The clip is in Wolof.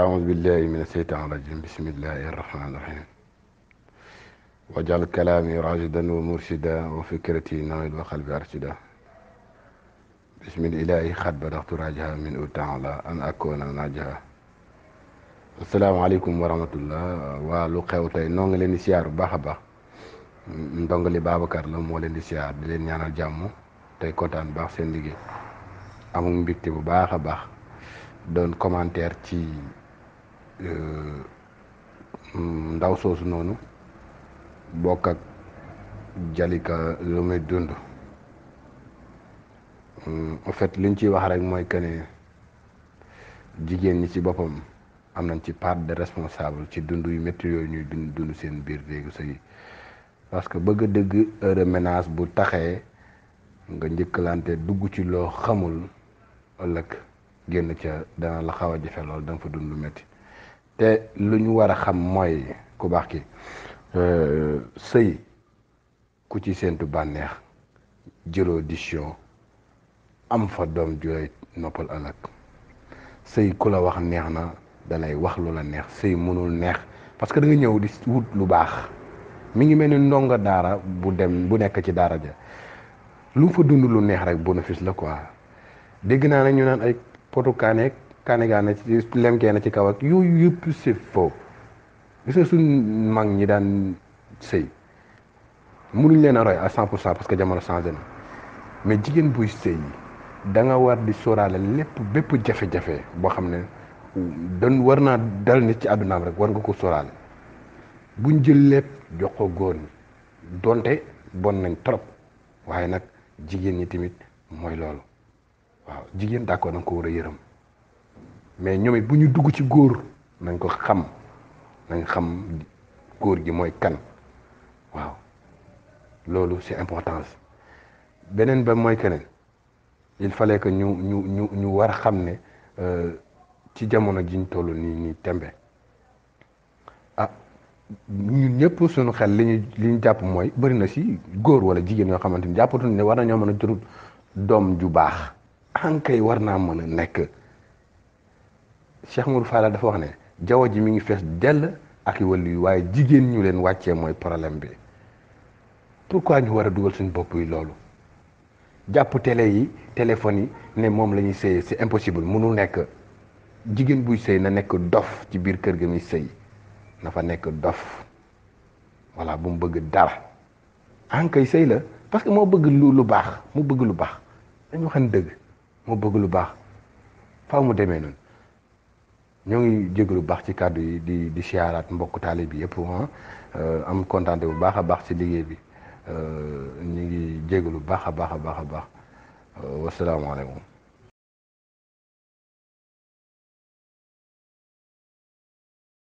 أعوذ بالله من الشيطان الرجيم بسم الله الرحمن الرحيم واجعل كلامي راشدا ومرشدا وفكرتي نويل وقلبي أرشدا بسم الإله قد بدأت راجها من تعالى أن أكون ناجها asalaamaaleykum wa rahmatullah waa lu xew tey noo ngi leen di siyaar bu baax a baax ndongali Babacar la moo di siyaar di leen ñaanal jàmm tey kontaan bu baax seen liggéey amul mbégte bu baax a baax doon commentaire ci ndaw soosu noonu bokk ak Jalika lu muy dund en fait liñ ciy wax rek mooy que ne jigéen ñi ci boppam am nañ ci part de responsable ci dund yu métti yooyu ñuy dund dund seen biir léegi sëy parce que bëgg dëgg heure ménage bu taxee nga njëkkalante dugg ci loo xamul ëllëg génn ca dana la xaw a jafe lool danga fa dund lu métti te lu ñu war a xam mooy ku baax ki euh, sëy ku ci séentu bànneex jëloo décision am fa doom ju lay noppal ëllëg sëy ku la wax neex na dalay wax lu la neex sëy mënul neex parce que da ñëw di wut lu baax mu ngi mel ni ndongo daara bu dem bu nekk ci daara ja lu mu fa dund lu neex rek bénéfice la quoi dégg naa ne ñu naan ay potukaane kaanigaa na ci lemkee na ci kaw yooyu yëpp c'est faux gis nga suñ mag ñi daan sëy mënuñ leen a roy à cent pour cent parce que jamono changé na mais jigéen buy sëy da nga war di sóoraale lépp bépp jafe-jafe boo xam ne dan war naa dal nit ci àddunaam rek war nga ko sóoraale buñ jël lépp jox ko góor ñi donte bon nañ trop waaye nag jigéen ñi tamit mooy loolu waaw jigéen d'accord da nga ko war a yërëm mais ñoom it bu ñu dugg ci góor nañ ko xam nañ xam góor gi mooy kan waaw loolu c'est importance beneen ba mooy keneen il fallait que ñu ñu ñu ñu war a xam ne euh, ci jamono jiñ toll nii nii tembe a ah, ñun ñëpp suñu xel li ñu li jàpp mooy bari na si góor wala jigéen ñoo xamante ni jàppatuñ ne war nañoo mën a jur doom ju baax ankay war naa mën a nekk Cheikh Mourou Fala dafa wax ne jaww ji mi ngi fees dell ak i wàllu yi waaye jigéen ñu leen wàccee mooy problème bi pourquoi ñu war a dugal suñ bopp yi loolu jàpp télé yi téléphone yi ne moom lañuy ñuy sëyee c'est impossible mënul nekk jigéen buy sëy na nekk dof ci biir kër ga muy sëy na fa nekk dof voilà bu mu bëgg dara en kay sëy la parce que moo bëgg lu baax mu bëgg lu baax dañu xam dëgg moo bëgg lu baax faaw mu demee noonu ñoo ngi jégalu lu baax ci kàddu yi di di siyaaraat mbokk taali bi yëpp ah. euh, am kontaan bu baax a baax ci liggéey bi euh, ñu ngi jégalu lu baax a baax a baax a baax euh, wasalaamaaleykum